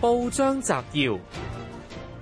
報章摘要：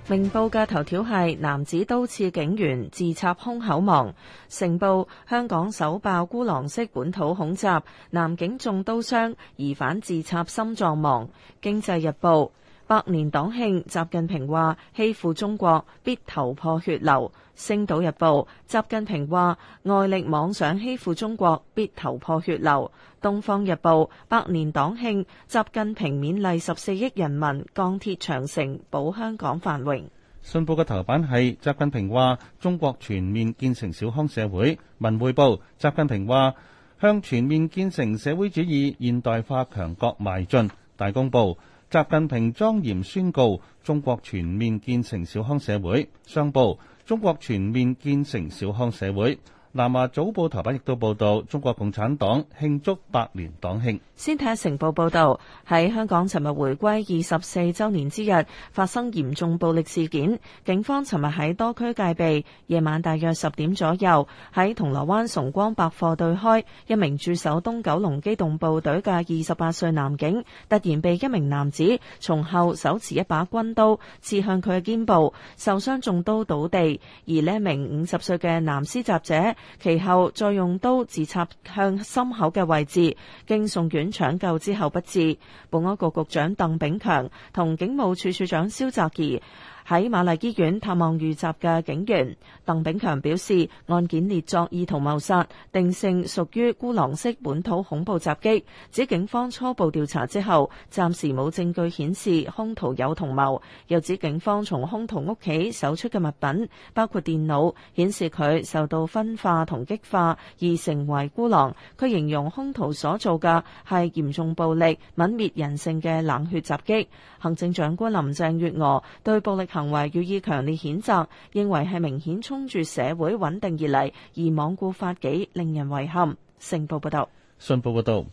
明報嘅頭條係男子刀刺警員自插胸口亡；成報香港首爆孤狼式本土恐襲，男警中刀傷，疑犯自插心臟亡。經濟日報百年黨慶，習近平話欺負中國必頭破血流。《星島日報》：習近平話外力妄想欺負中國，必頭破血流。《東方日報》：百年黨慶，習近平勉勵十四億人民，鋼鐵長城保香港繁榮。《信報》嘅頭版係習近平話中國全面建成小康社會。《文匯報》：習近平話向全面建成社會主義現代化強國邁進。《大公報》。習近平莊嚴宣告：中國全面建成小康社會。商報：中國全面建成小康社會。南華早報頭版亦都報道，中國共產黨慶祝百年黨慶。先睇下《成報》報道，喺香港尋日回歸二十四週年之日，發生嚴重暴力事件。警方尋日喺多區戒備，夜晚大約十點左右，喺銅鑼灣崇光百貨對開，一名駐守東九龍機動部隊嘅二十八歲男警，突然被一名男子從後手持一把軍刀刺向佢嘅肩部，受傷中刀倒地。而呢一名五十歲嘅男施襲者，其後再用刀自插向心口嘅位置，經送院搶救之後不治。保安局局長鄧炳強同警務處處長蕭澤頤，喺瑪麗醫院探望遇襲嘅警員。鄧炳強表示，案件列作意圖謀殺，定性屬於孤狼式本土恐怖襲擊。指警方初步調查之後，暫時冇證據顯示兇徒有同謀。又指警方從兇徒屋企搜出嘅物品，包括電腦，顯示佢受到分化同激化而成為孤狼。佢形容兇徒所做嘅係嚴重暴力、泯滅人性嘅冷血襲擊。行政長官林鄭月娥對暴力行為予以強烈譴責，認為係明顯衝住社會穩定而嚟，而罔顧法紀，令人遺憾。信報報道：「信報報導，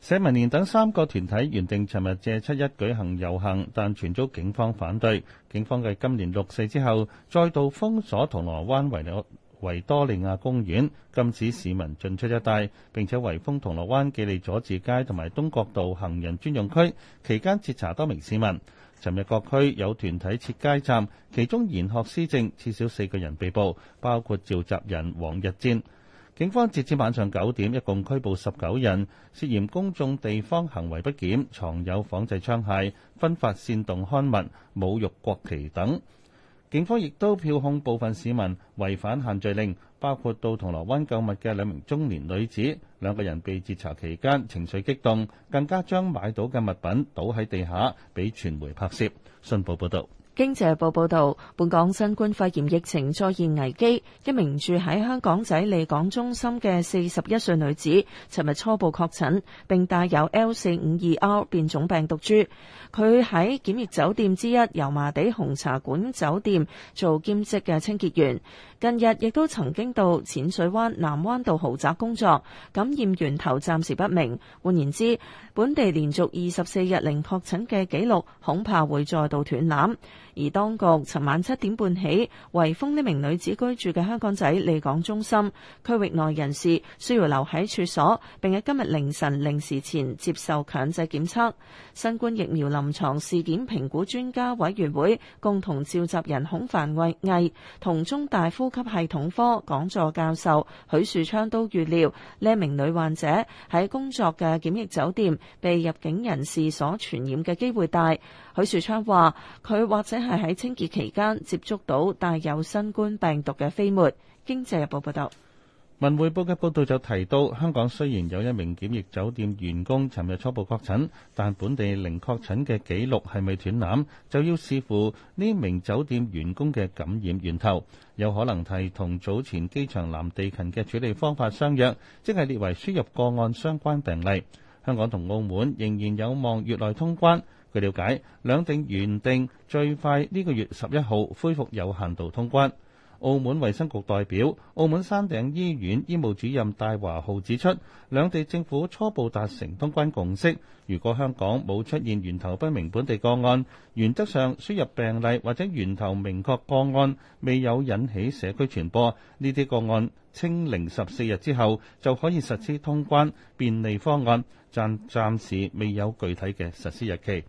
社民連等三個團體原定尋日借七一舉行遊行，但全遭警方反對。警方喺今年六四之後，再度封鎖銅鑼灣維多維多利亞公園，禁止市民進出一帶，並且圍封銅鑼灣記利佐治街同埋東角道行人專用區，期間截查多名市民。尋日各區有團體設街站，其中研學施政，至少四個人被捕，包括召集人黃日佔。警方截至晚上九點，一共拘捕十九人，涉嫌公眾地方行為不檢、藏有仿製槍械、分發煽動刊物、侮辱國旗等。警方亦都票控部分市民違反限聚令，包括到銅鑼灣購物嘅兩名中年女子，兩個人被截查期間情緒激動，更加將買到嘅物品倒喺地下俾傳媒拍攝。信報報道。經濟日報報道，本港新冠肺炎疫情再現危機。一名住喺香港仔利港中心嘅四十一歲女子，尋日初步確診，並帶有 L 四五二 R 變種病毒株。佢喺檢疫酒店之一油麻地紅茶館酒店做兼職嘅清潔員，近日亦都曾經到淺水灣南灣道豪宅工作。感染源頭暫時不明。換言之，本地連續二十四日零確診嘅紀錄，恐怕會再度斷纜。而當局尋晚七點半起，圍封呢名女子居住嘅香港仔利港中心區域內人士需要留喺處所，並喺今日凌晨零時前接受強制檢測。新冠疫苗臨床事件評估專家委員會共同召集人孔繁毅同中大呼吸系統科講座教授許樹昌都預料，呢名女患者喺工作嘅檢疫酒店被入境人士所傳染嘅機會大。許樹昌話：佢或者，係喺清潔期間接觸到帶有新冠病毒嘅飛沫。經濟日報報道，文匯報嘅報道就提到，香港雖然有一名檢疫酒店員工尋日初步確診，但本地零確診嘅紀錄係未斷纜，就要視乎呢名酒店員工嘅感染源頭，有可能係同早前機場南地勤嘅處理方法相約，即係列為輸入個案相關病例。香港同澳門仍然有望月內通關。據了解，兩地原定最快呢個月十一號恢復有限度通關。澳門衛生局代表、澳門山頂醫院醫務主任戴華浩指出，兩地政府初步達成通關共識。如果香港冇出現源頭不明本地個案，原則上輸入病例或者源頭明確個案未有引起社區傳播，呢啲個案清零十四日之後就可以實施通關便利方案，暫暫時未有具體嘅實施日期。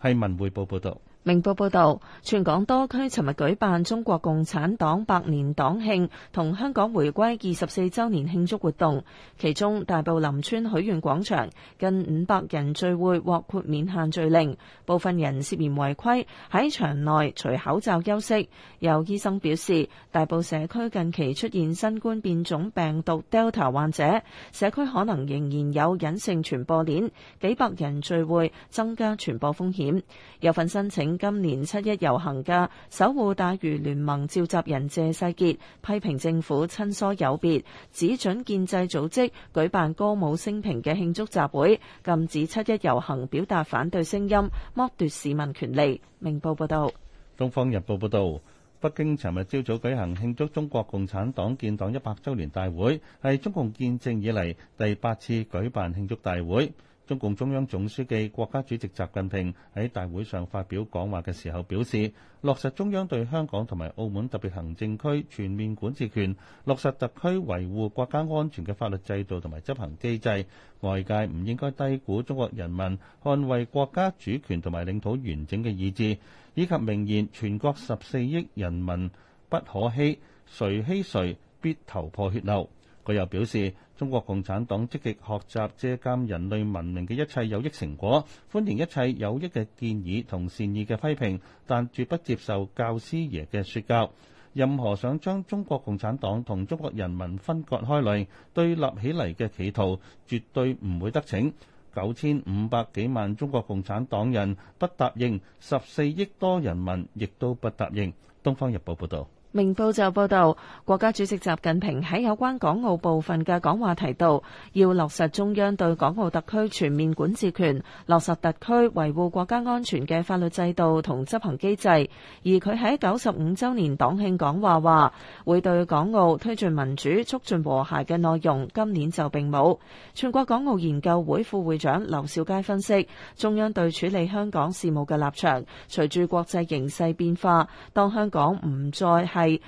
係《文匯報》報道。明報報道，全港多區尋日舉辦中國共產黨百年黨慶同香港回歸二十四周年慶祝活動。其中大埔林村許願廣場近五百人聚會獲豁免限聚令，部分人涉嫌違規，喺場內除口罩休息。有醫生表示，大埔社區近期出現新冠變種病毒 Delta 患者，社區可能仍然有隱性傳播鏈，幾百人聚會增加傳播風險。有份申請。今年七一遊行嘅守護大魚聯盟召集人謝世傑批評政府親疏有別，只准建制組織舉辦歌舞升平嘅慶祝集會，禁止七一遊行表達反對聲音，剝奪市民權利。明報報道。《東方日報》報道，北京尋日朝早舉行慶祝中國共產黨建黨一百週年大會，係中共建政以嚟第八次舉辦慶祝大會。中共中央總書記、國家主席習近平喺大會上發表講話嘅時候表示，落實中央對香港同埋澳門特別行政區全面管治權，落實特區維護國家安全嘅法律制度同埋執行機制。外界唔應該低估中國人民捍衛國家主權同埋領土完整嘅意志，以及明言全國十四億人民不可欺，誰欺誰必頭破血流。佢又表示，中國共產黨積極學習借鑒人類文明嘅一切有益成果，歡迎一切有益嘅建議同善意嘅批評，但絕不接受教師爺嘅說教。任何想將中國共產黨同中國人民分割開嚟對立起嚟嘅企圖絕對唔會得逞。九千五百幾萬中國共產黨人不答應，十四億多人民亦都不答應。東方日報報道。明報就報道，國家主席習近平喺有關港澳部分嘅講話提到，要落實中央對港澳特區全面管治權，落實特區維護國家安全嘅法律制度同執行機制。而佢喺九十五週年黨慶講話話，會對港澳推進民主、促進和諧嘅內容，今年就並冇。全國港澳研究會副會長劉兆佳分析，中央對處理香港事務嘅立場，隨住國際形勢變化，當香港唔再係係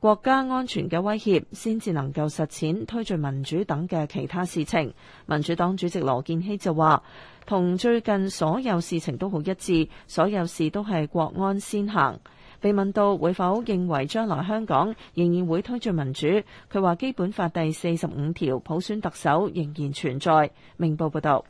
國家安全嘅威脅，先至能夠實踐推進民主等嘅其他事情。民主黨主席羅健熙就話：同最近所有事情都好一致，所有事都係國安先行。被問到會否認為將來香港仍然會推進民主，佢話《基本法》第四十五條普選特首仍然存在。明報報道，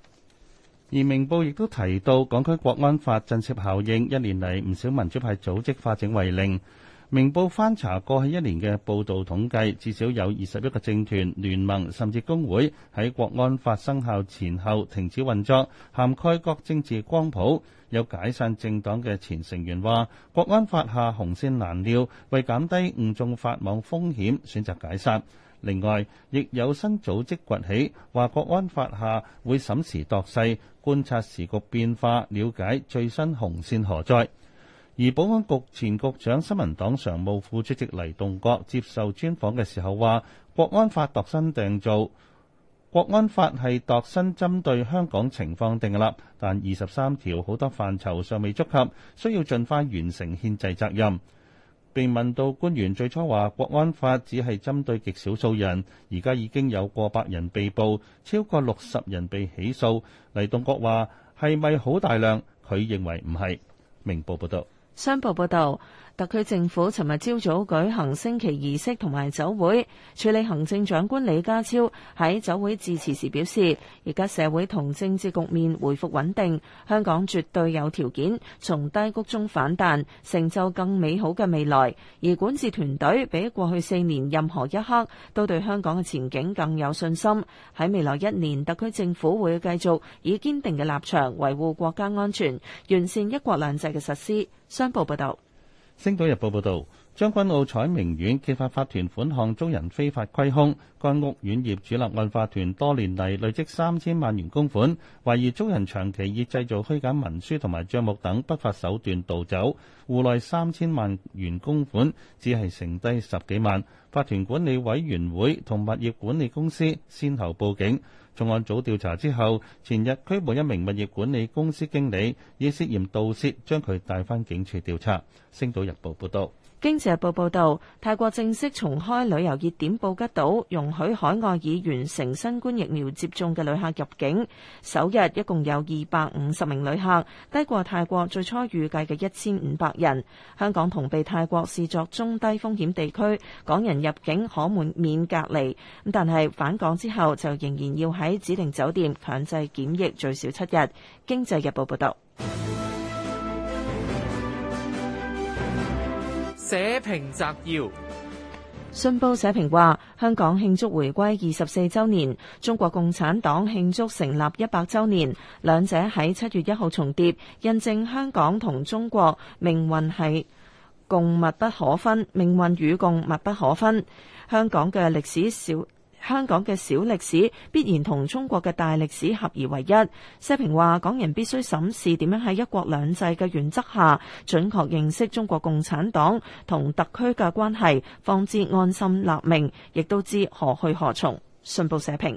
而明報亦都提到，港區國安法震懾效應，一年嚟唔少民主派組織化整為零。明報翻查過去一年嘅報道統計，至少有二十一個政團聯盟甚至工會喺國安法生效前後停止運作，涵蓋各政治光譜。有解散政黨嘅前成員話：國安法下紅線難料，為減低誤中法網風險，選擇解散。另外，亦有新組織崛起，話國安法下會審時度勢，觀察時局變化，了解最新紅線何在。而保安局前局長、新聞黨常務副主席黎棟國接受專訪嘅時候話，國安法度身訂造，國安法係度身針對香港情況訂立，但二十三條好多範疇尚未觸及，需要盡快完成憲制責任。被問到官員最初話國安法只係針對極少數人，而家已經有過百人被捕，超過六十人被起訴，黎棟國話係咪好大量？佢認為唔係。明報報道。商報報導。特區政府尋日朝早舉行升旗儀式同埋酒會，處理行政長官李家超喺酒會致辭時表示，而家社會同政治局面回復穩定，香港絕對有條件從低谷中反彈，成就更美好嘅未來。而管治團隊比過去四年任何一刻都對香港嘅前景更有信心。喺未來一年，特區政府會繼續以堅定嘅立場維護國家安全，完善一國兩制嘅實施。商報報道。星島日報報道，將軍澳彩明苑揭發法團款項遭人非法虧空，該屋苑業主立案法團多年嚟累積三千萬元公款，懷疑遭人長期以製造虛假文書同埋賬目等不法手段盜走戶內三千萬元公款，只係剩低十幾萬。法團管理委員會同物業管理公司先後報警。重案組調查之後，前日拘捕一名物業管理公司經理，以涉嫌盜竊將佢帶返警署調查。星島日報報道。《經濟日報》報導，泰國正式重開旅遊熱點布吉島，容許海外已完成新冠疫苗接種嘅旅客入境。首日一共有二百五十名旅客，低過泰國最初預計嘅一千五百人。香港同被泰國視作中低風險地區，港人入境可豁免隔離，咁但係返港之後就仍然要喺指定酒店強制檢疫最少七日。《經濟日報》報導。社評摘要，信報社評話，香港慶祝回歸二十四周年，中國共產黨慶祝成立一百周年，兩者喺七月一號重疊，印證香港同中國命運系共密不可分，命運與共密不可分，香港嘅歷史小。香港嘅小歷史必然同中國嘅大歷史合而為一。社評話，港人必須審視點樣喺一國兩制嘅原則下，準確認識中國共產黨同特區嘅關係，方知安心立命，亦都知何去何從。信報社評。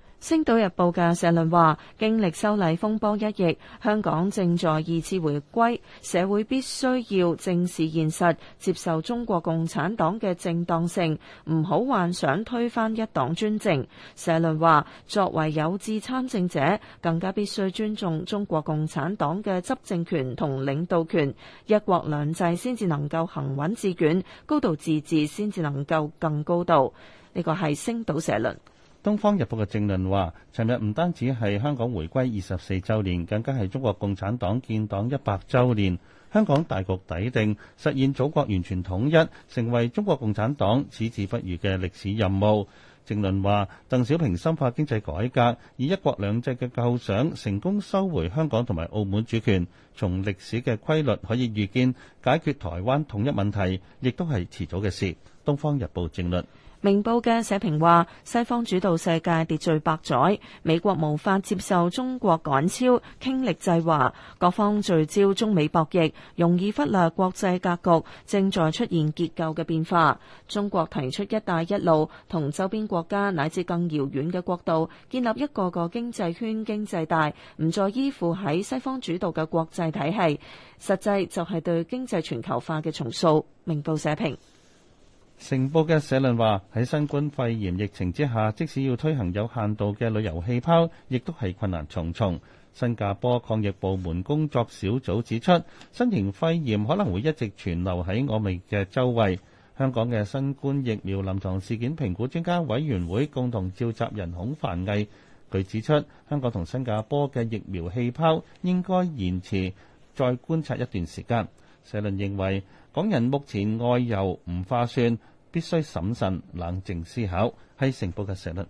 《星島日報》嘅社論話：經歷修例風波一役，香港正在二次回歸，社會必須要正視現實，接受中國共產黨嘅正當性，唔好幻想推翻一黨專政。社論話：作為有志參政者，更加必須尊重中國共產黨嘅執政權同領導權，一國兩制先至能夠行穩致遠，高度自治先至能夠更高度。呢個係《星島》社論。《東方日報》嘅政論話：尋日唔單止係香港回歸二十四週年，更加係中國共產黨建黨一百週年。香港大局底定，實現祖國完全統一，成為中國共產黨矢志不渝嘅歷史任務。政論話：鄧小平深化經濟改革，以一國兩制嘅構想成功收回香港同埋澳門主權。從歷史嘅規律可以預見，解決台灣統一問題，亦都係遲早嘅事。《東方日報》政論。明報嘅社評話：西方主導世界秩序百載，美國無法接受中國趕超，傾力制華，各方聚焦中美博弈，容易忽略國際格局正在出現結構嘅變化。中國提出「一帶一路」，同周邊國家乃至更遙遠嘅國度建立一個個經濟圈、經濟帶，唔再依附喺西方主導嘅國際體系，實際就係對經濟全球化嘅重塑。明報社評。成報嘅社論話：喺新冠肺炎疫情之下，即使要推行有限度嘅旅遊氣泡，亦都係困難重重。新加坡抗疫部門工作小組指出，新型肺炎可能會一直存留喺我哋嘅周圍。香港嘅新冠疫苗臨床事件評估專家委員會共同召集人孔凡毅佢指出，香港同新加坡嘅疫苗氣泡應該延遲再觀察一段時間。社論認為，港人目前外遊唔划算。必須審慎、冷靜思考，係成部嘅成率。